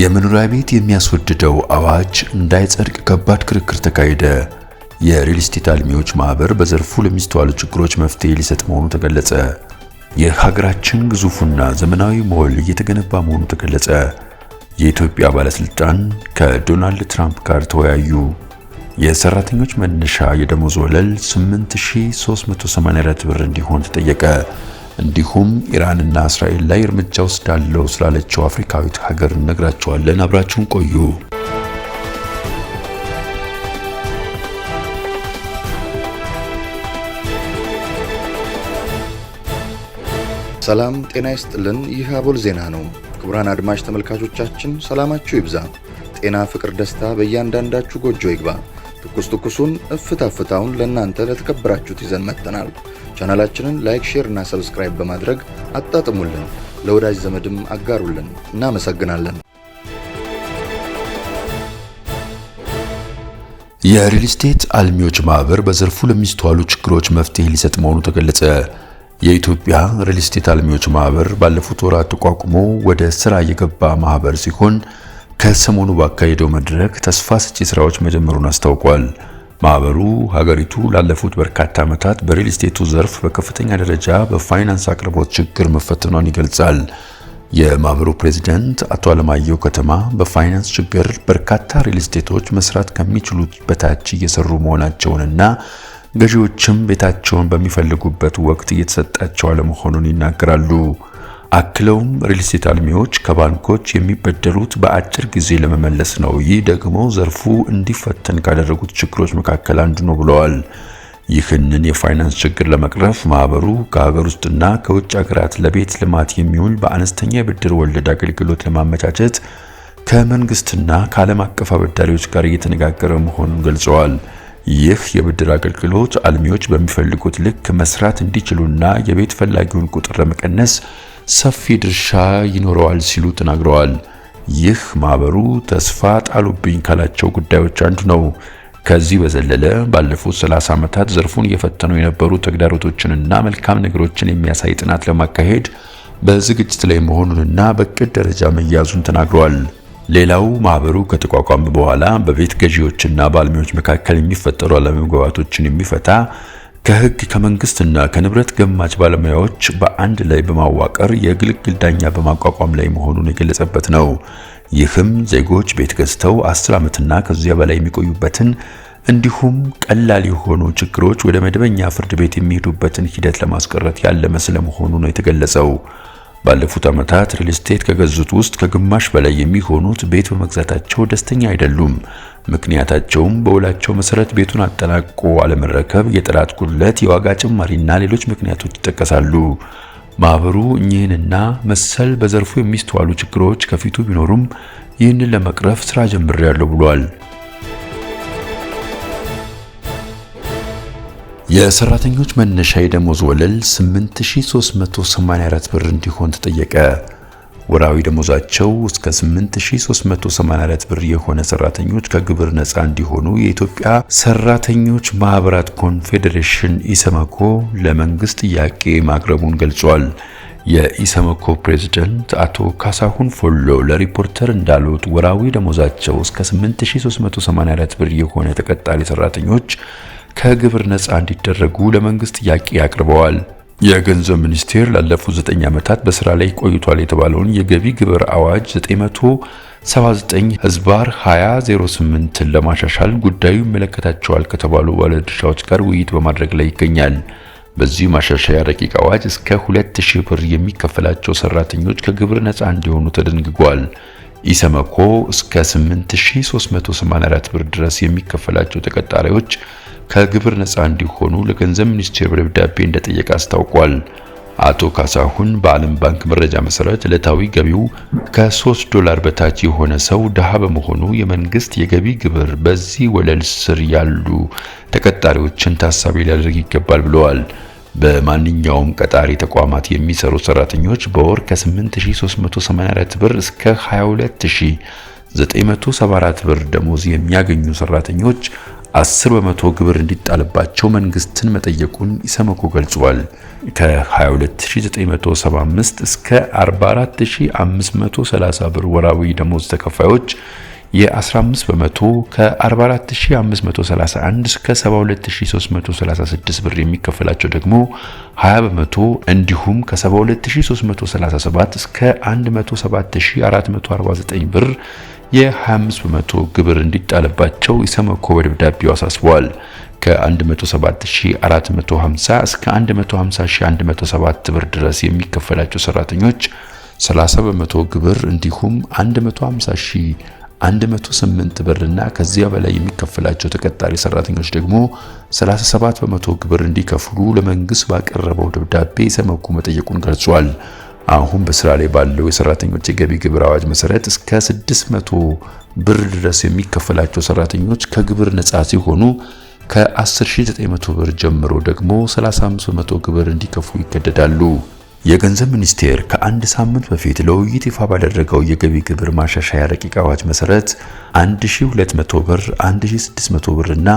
የመኖሪያ ቤት የሚያስወድደው አዋጅ እንዳይጸድቅ ከባድ ክርክር ተካሄደ። የሪል ስቴት አልሚዎች ማህበር በዘርፉ ለሚስተዋሉ ችግሮች መፍትሄ ሊሰጥ መሆኑ ተገለጸ። የሀገራችን ግዙፉና ዘመናዊ ሞል እየተገነባ መሆኑ ተገለጸ። የኢትዮጵያ ባለስልጣን ከዶናልድ ትራምፕ ጋር ተወያዩ። የሰራተኞች መነሻ የደሞዝ ወለል 8384 ብር እንዲሆን ተጠየቀ። እንዲሁም ኢራንና እስራኤል ላይ እርምጃ ወስዳለሁ ስላለችው አፍሪካዊት ሀገር እነግራችኋለን። አብራችሁን ቆዩ። ሰላም ጤና ይስጥልን። ይህ አቦል ዜና ነው። ክቡራን አድማጭ ተመልካቾቻችን ሰላማችሁ ይብዛ፣ ጤና፣ ፍቅር፣ ደስታ በእያንዳንዳችሁ ጎጆ ይግባ። ትኩስ ትኩሱን እፍታ ፍታውን ለእናንተ ለተከበራችሁት ይዘን መጥተናል። ቻናላችንን ላይክ፣ ሼር እና ሰብስክራይብ በማድረግ አጣጥሙልን፣ ለወዳጅ ዘመድም አጋሩልን። እናመሰግናለን። የሪል ስቴት አልሚዎች ማህበር በዘርፉ ለሚስተዋሉ ችግሮች መፍትሄ ሊሰጥ መሆኑ ተገለጸ። የኢትዮጵያ ሪል ስቴት አልሚዎች ማህበር ባለፉት ወራት ተቋቁሞ ወደ ስራ የገባ ማህበር ሲሆን ከሰሞኑ ባካሄደው መድረክ ተስፋ ሰጪ ስራዎች መጀመሩን አስታውቋል። ማህበሩ ሀገሪቱ ላለፉት በርካታ ዓመታት በሪል ስቴቱ ዘርፍ በከፍተኛ ደረጃ በፋይናንስ አቅርቦት ችግር መፈተኗን ይገልጻል። የማህበሩ ፕሬዚደንት አቶ አለማየሁ ከተማ በፋይናንስ ችግር በርካታ ሪል ስቴቶች መስራት ከሚችሉት በታች እየሰሩ መሆናቸውንና ገዢዎችም ቤታቸውን በሚፈልጉበት ወቅት እየተሰጣቸው አለመሆኑን ይናገራሉ። አክለውም ሪልስቴት አልሚዎች ከባንኮች የሚበደሩት በአጭር ጊዜ ለመመለስ ነው። ይህ ደግሞ ዘርፉ እንዲፈተን ካደረጉት ችግሮች መካከል አንዱ ነው ብለዋል። ይህንን የፋይናንስ ችግር ለመቅረፍ ማህበሩ ከሀገር ውስጥና ከውጭ ሀገራት ለቤት ልማት የሚውል በአነስተኛ የብድር ወለድ አገልግሎት ለማመቻቸት ከመንግስትና ከዓለም አቀፍ አበዳሪዎች ጋር እየተነጋገረ መሆኑን ገልጸዋል። ይህ የብድር አገልግሎት አልሚዎች በሚፈልጉት ልክ መስራት እንዲችሉና የቤት ፈላጊውን ቁጥር ለመቀነስ ሰፊ ድርሻ ይኖረዋል ሲሉ ተናግረዋል። ይህ ማህበሩ ተስፋ ጣሉብኝ ካላቸው ጉዳዮች አንዱ ነው። ከዚህ በዘለለ ባለፉት 30 ዓመታት ዘርፉን እየፈተኑ የነበሩ ተግዳሮቶችንና መልካም ነገሮችን የሚያሳይ ጥናት ለማካሄድ በዝግጅት ላይ መሆኑንና በእቅድ ደረጃ መያዙን ተናግረዋል። ሌላው ማህበሩ ከተቋቋመ በኋላ በቤት ገዢዎችና ባለሙያዎች መካከል የሚፈጠሩ አለመግባባቶችን የሚፈታ ከህግ ከመንግስትና ከንብረት ገማች ባለሙያዎች በአንድ ላይ በማዋቀር የግልግል ዳኛ በማቋቋም ላይ መሆኑን የገለጸበት ነው። ይህም ዜጎች ቤት ገዝተው 10 ዓመትና ከዚያ በላይ የሚቆዩበትን እንዲሁም ቀላል የሆኑ ችግሮች ወደ መደበኛ ፍርድ ቤት የሚሄዱበትን ሂደት ለማስቀረት ያለመ ስለመሆኑ ነው የተገለጸው። ባለፉት ዓመታት ሪል ስቴት ከገዙት ውስጥ ከግማሽ በላይ የሚሆኑት ቤት በመግዛታቸው ደስተኛ አይደሉም። ምክንያታቸውም በውላቸው መሰረት ቤቱን አጠናቆ አለመረከብ፣ የጥራት ጉድለት፣ የዋጋ ጭማሪና ሌሎች ምክንያቶች ይጠቀሳሉ። ማህበሩ እኚህንና መሰል በዘርፉ የሚስተዋሉ ችግሮች ከፊቱ ቢኖሩም ይህንን ለመቅረፍ ስራ ጀምሬያለሁ ብሏል። የሰራተኞች መነሻ የደሞዝ ወለል 8384 ብር እንዲሆን ተጠየቀ። ወራዊ ደሞዛቸው እስከ 8384 ብር የሆነ ሰራተኞች ከግብር ነፃ እንዲሆኑ የኢትዮጵያ ሰራተኞች ማህበራት ኮንፌዴሬሽን ኢሰመኮ ለመንግስት ጥያቄ ማቅረቡን ገልጿል። የኢሰመኮ ፕሬዝዳንት አቶ ካሳሁን ፎሎ ለሪፖርተር እንዳሉት ወራዊ ደሞዛቸው እስከ 8384 ብር የሆነ ተቀጣሪ ሰራተኞች ከግብር ነፃ እንዲደረጉ ለመንግስት ጥያቄ አቅርበዋል። የገንዘብ ሚኒስቴር ላለፉት 9 ዓመታት በስራ ላይ ቆይቷል የተባለውን የገቢ ግብር አዋጅ 979 ህዝባር 2008 ለማሻሻል ጉዳዩ ይመለከታቸዋል ከተባሉ ባለድርሻዎች ጋር ውይይት በማድረግ ላይ ይገኛል። በዚህ ማሻሻያ ረቂቅ አዋጅ እስከ 2000 ብር የሚከፈላቸው ሰራተኞች ከግብር ነፃ እንዲሆኑ ተደንግጓል። ኢሰመኮ እስከ 8384 ብር ድረስ የሚከፈላቸው ተቀጣሪዎች ከግብር ነፃ እንዲሆኑ ለገንዘብ ሚኒስቴር በደብዳቤ እንደጠየቀ አስታውቋል። አቶ ካሳሁን በዓለም ባንክ መረጃ መሰረት ዕለታዊ ገቢው ከ3 ዶላር በታች የሆነ ሰው ድሃ በመሆኑ የመንግስት የገቢ ግብር በዚህ ወለል ስር ያሉ ተቀጣሪዎችን ታሳቢ ሊያደርግ ይገባል ብለዋል። በማንኛውም ቀጣሪ ተቋማት የሚሰሩ ሰራተኞች በወር ከ8384 ብር እስከ 22974 ብር ደሞዝ የሚያገኙ ሰራተኞች አስር በመቶ ግብር እንዲጣልባቸው መንግስትን መጠየቁን ኢሰመኮ ገልጿል። ከ22975 እስከ 44530 ብር ወራዊ ደሞዝ ተከፋዮች የ15 በመቶ ከ44531 እስከ 72336 ብር የሚከፈላቸው ደግሞ 20 በመቶ እንዲሁም ከ72337 እስከ 107449 ብር የ25 በመቶ ግብር እንዲጣልባቸው ኢሰመኮ በደብዳቤው አሳስበዋል ከ ከ107450 እስከ 150107 ብር ድረስ የሚከፈላቸው ሰራተኞች 30 በመቶ ግብር እንዲሁም 150 108 ብርና ከዚያ በላይ የሚከፈላቸው ተቀጣሪ ሰራተኞች ደግሞ 37 በመቶ ግብር እንዲከፍሉ ለመንግስት ባቀረበው ደብዳቤ ሰመጉ መጠየቁን ገልጿል። አሁን በስራ ላይ ባለው የሰራተኞች የገቢ ግብር አዋጅ መሰረት እስከ 600 ብር ድረስ የሚከፈላቸው ሰራተኞች ከግብር ነፃ ሲሆኑ ከ10900 ብር ጀምሮ ደግሞ 35 በመቶ ግብር እንዲከፍሉ ይገደዳሉ። የገንዘብ ሚኒስቴር ከአንድ ሳምንት በፊት ለውይይት ይፋ ባደረገው የገቢ ግብር ማሻሻያ ረቂቅ አዋጅ መሰረት 1200 ብር፣ 1600 ብር እና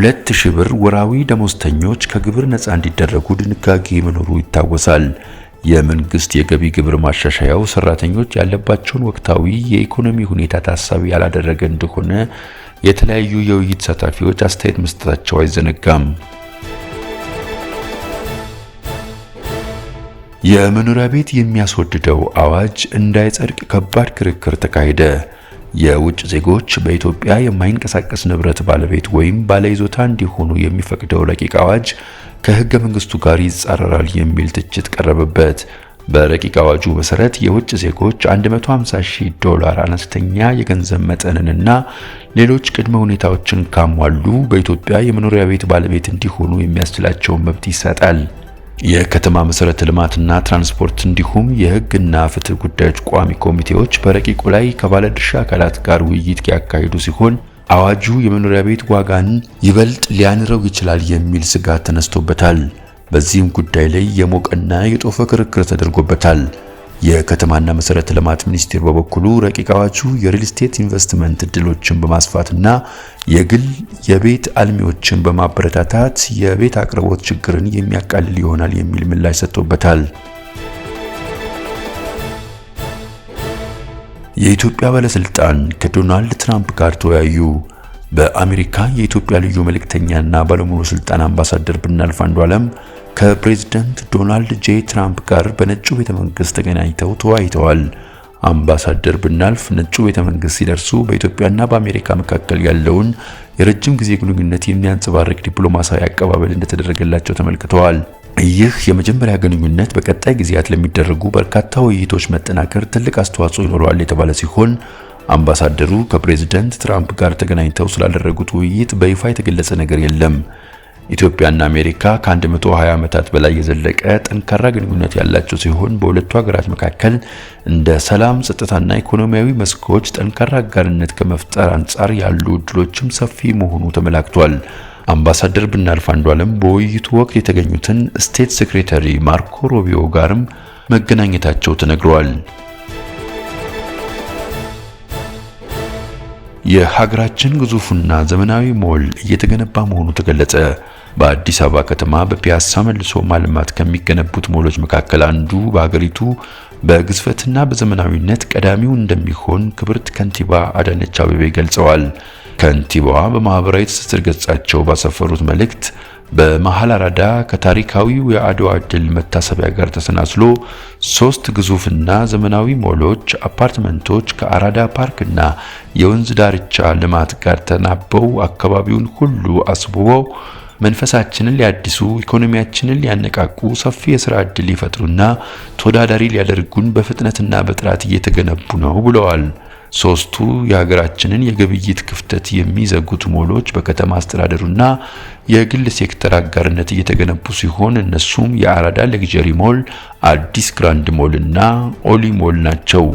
2000 ብር ወራዊ ደሞዝተኞች ከግብር ነፃ እንዲደረጉ ድንጋጌ መኖሩ ይታወሳል። የመንግስት የገቢ ግብር ማሻሻያው ሰራተኞች ያለባቸውን ወቅታዊ የኢኮኖሚ ሁኔታ ታሳቢ ያላደረገ እንደሆነ የተለያዩ የውይይት ተሳታፊዎች አስተያየት መስጠታቸው አይዘነጋም። የመኖሪያ ቤት የሚያስወድደው አዋጅ እንዳይጸድቅ ከባድ ክርክር ተካሄደ። የውጭ ዜጎች በኢትዮጵያ የማይንቀሳቀስ ንብረት ባለቤት ወይም ባለይዞታ እንዲሆኑ የሚፈቅደው ረቂቅ አዋጅ ከህገ መንግስቱ ጋር ይጻረራል የሚል ትችት ቀረበበት። በረቂቅ አዋጁ መሰረት የውጭ ዜጎች 150000 ዶላር አነስተኛ የገንዘብ መጠንንና ሌሎች ቅድመ ሁኔታዎችን ካሟሉ በኢትዮጵያ የመኖሪያ ቤት ባለቤት እንዲሆኑ የሚያስችላቸውን መብት ይሰጣል። የከተማ መሰረተ ልማትና ትራንስፖርት እንዲሁም የህግና ፍትህ ጉዳዮች ቋሚ ኮሚቴዎች በረቂቁ ላይ ከባለድርሻ አካላት ጋር ውይይት ያካሄዱ ሲሆን አዋጁ የመኖሪያ ቤት ዋጋን ይበልጥ ሊያንረው ይችላል የሚል ስጋት ተነስቶበታል። በዚህም ጉዳይ ላይ የሞቀና የጦፈ ክርክር ተደርጎበታል። የከተማና መሰረተ ልማት ሚኒስቴር በበኩሉ ረቂቅ አዋጁ የሪል ስቴት ኢንቨስትመንት እድሎችን በማስፋትና የግል የቤት አልሚዎችን በማበረታታት የቤት አቅርቦት ችግርን የሚያቃልል ይሆናል የሚል ምላሽ ሰጥቶበታል። የኢትዮጵያ ባለስልጣን ከዶናልድ ትራምፕ ጋር ተወያዩ። በአሜሪካ የኢትዮጵያ ልዩ መልእክተኛና ባለሙሉ ስልጣን አምባሳደር ብናልፍ አለም ከፕሬዝዳንት ዶናልድ ጄ ትራምፕ ጋር በነጩ ቤተመንግስት ተገናኝተው ተወያይተዋል። አምባሳደር ብናልፍ ነጩ ቤተመንግስት ሲደርሱ በኢትዮጵያና በአሜሪካ መካከል ያለውን የረጅም ጊዜ ግንኙነት የሚያንጸባርቅ ዲፕሎማሲያዊ አቀባበል እንደተደረገላቸው ተመልክተዋል። ይህ የመጀመሪያ ግንኙነት በቀጣይ ጊዜያት ለሚደረጉ በርካታ ውይይቶች መጠናከር ትልቅ አስተዋጽኦ ይኖረዋል የተባለ ሲሆን አምባሳደሩ ከፕሬዝዳንት ትራምፕ ጋር ተገናኝተው ስላደረጉት ውይይት በይፋ የተገለጸ ነገር የለም። ኢትዮጵያና አሜሪካ ከ120 ዓመታት በላይ የዘለቀ ጠንካራ ግንኙነት ያላቸው ሲሆን በሁለቱ ሀገራት መካከል እንደ ሰላም፣ ጸጥታና ኢኮኖሚያዊ መስኮች ጠንካራ አጋርነት ከመፍጠር አንጻር ያሉ እድሎችም ሰፊ መሆኑ ተመላክቷል። አምባሳደር ብናልፍ አለም በውይይቱ ወቅት የተገኙትን ስቴት ሴክሬታሪ ማርኮ ሮቢዮ ጋርም መገናኘታቸው ተነግረዋል። የሀገራችን ግዙፍና ዘመናዊ ሞል እየተገነባ መሆኑ ተገለጸ። በአዲስ አበባ ከተማ በፒያሳ መልሶ ማልማት ከሚገነቡት ሞሎች መካከል አንዱ በሀገሪቱ በግዝፈትና በዘመናዊነት ቀዳሚው እንደሚሆን ክብርት ከንቲባ አዳነች አቤቤ ገልጸዋል። ከንቲባዋ በማህበራዊ ትስስር ገጻቸው ባሰፈሩት መልእክት በመሃል አራዳ ከታሪካዊው የአድዋ ድል መታሰቢያ ጋር ተሰናስሎ ሶስት ግዙፍና ዘመናዊ ሞሎች፣ አፓርትመንቶች ከአራዳ ፓርክና የወንዝ ዳርቻ ልማት ጋር ተናበው አካባቢውን ሁሉ አስውበው መንፈሳችንን ሊያድሱ ኢኮኖሚያችንን ሊያነቃቁ ሰፊ የስራ ዕድል ሊፈጥሩና ተወዳዳሪ ሊያደርጉን በፍጥነትና በጥራት እየተገነቡ ነው ብለዋል። ሶስቱ የሀገራችንን የግብይት ክፍተት የሚዘጉት ሞሎች በከተማ አስተዳደሩና የግል ሴክተር አጋርነት እየተገነቡ ሲሆን እነሱም የአራዳ ለግጀሪ ሞል፣ አዲስ ግራንድ ሞል እና ኦሊ ሞል ናቸው።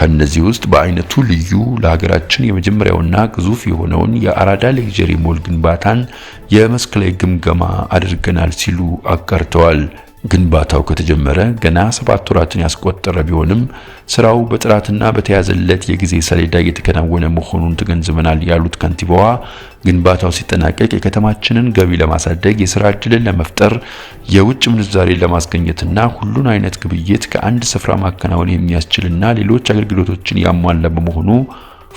ከነዚህ ውስጥ በአይነቱ ልዩ ለሀገራችን የመጀመሪያውና ግዙፍ የሆነውን የአራዳ ለግጀሪ ሞል ግንባታን የመስክ ላይ ግምገማ አድርገናል ሲሉ አጋርተዋል። ግንባታው ከተጀመረ ገና ሰባት ወራትን ያስቆጠረ ቢሆንም ስራው በጥራትና በተያዘለት የጊዜ ሰሌዳ እየተከናወነ መሆኑን ተገንዝበናል ያሉት ከንቲባዋ ግንባታው ሲጠናቀቅ የከተማችንን ገቢ ለማሳደግ፣ የስራ እድልን ለመፍጠር፣ የውጭ ምንዛሬን ለማስገኘትና ሁሉን አይነት ግብይት ከአንድ ስፍራ ማከናወን የሚያስችልና ሌሎች አገልግሎቶችን ያሟላ በመሆኑ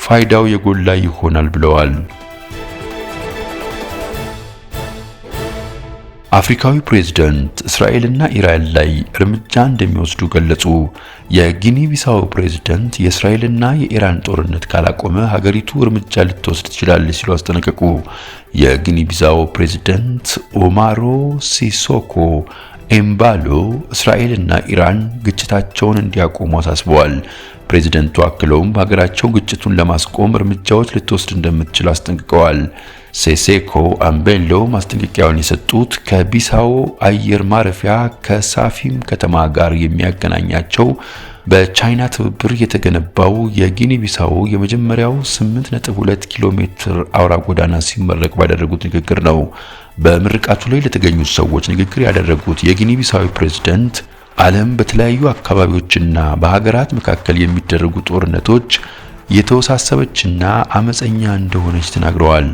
ፋይዳው የጎላ ይሆናል ብለዋል። አፍሪካዊ ፕሬዝዳንት እስራኤልና ኢራን ላይ እርምጃ እንደሚወስዱ ገለጹ። የጊኒ ቢሳው ፕሬዝዳንት የእስራኤልና የኢራን ጦርነት ካላቆመ ሀገሪቱ እርምጃ ልትወስድ ትችላለች ሲሉ አስጠነቀቁ። የጊኒ ቢሳው ፕሬዝዳንት ኦማሮ ሲሶኮ ኤምባሎ እስራኤልና ኢራን ግጭታቸውን እንዲያቆሙ አሳስበዋል። ፕሬዝደንቱ አክለውም ሀገራቸው ግጭቱን ለማስቆም እርምጃዎች ልትወስድ እንደምትችል አስጠንቅቀዋል። ሴሴኮ አምቤሎ ማስጠንቀቂያውን የሰጡት ከቢሳው አየር ማረፊያ ከሳፊም ከተማ ጋር የሚያገናኛቸው በቻይና ትብብር የተገነባው የጊኒ ቢሳው የመጀመሪያው 8.2 ኪሎ ሜትር አውራ ጎዳና ሲመረቅ ባደረጉት ንግግር ነው። በምርቃቱ ላይ ለተገኙት ሰዎች ንግግር ያደረጉት የጊኒ ቢሳዊ ፕሬዝደንት ዓለም በተለያዩ አካባቢዎችና በሀገራት መካከል የሚደረጉ ጦርነቶች የተወሳሰበችና አመፀኛ እንደሆነች ተናግረዋል።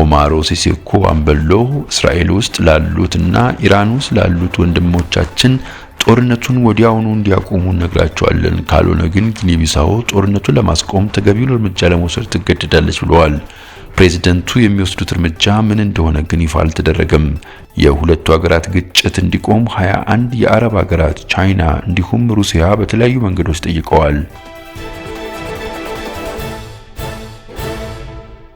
ኦማሮ ሲሴኮ አምበሎ እስራኤል ውስጥ ላሉትና ኢራን ውስጥ ላሉት ወንድሞቻችን ጦርነቱን ወዲያውኑ እንዲያቆሙ እነግራቸዋለን፣ ካልሆነ ግን ጊኒ ቢሳው ጦርነቱን ለማስቆም ተገቢውን እርምጃ ለመውሰድ ትገደዳለች ብለዋል። ፕሬዝደንቱ የሚወስዱት እርምጃ ምን እንደሆነ ግን ይፋ አልተደረገም። የሁለቱ ሀገራት ግጭት እንዲቆም 21 የአረብ ሀገራት፣ ቻይና እንዲሁም ሩሲያ በተለያዩ መንገዶች ጠይቀዋል።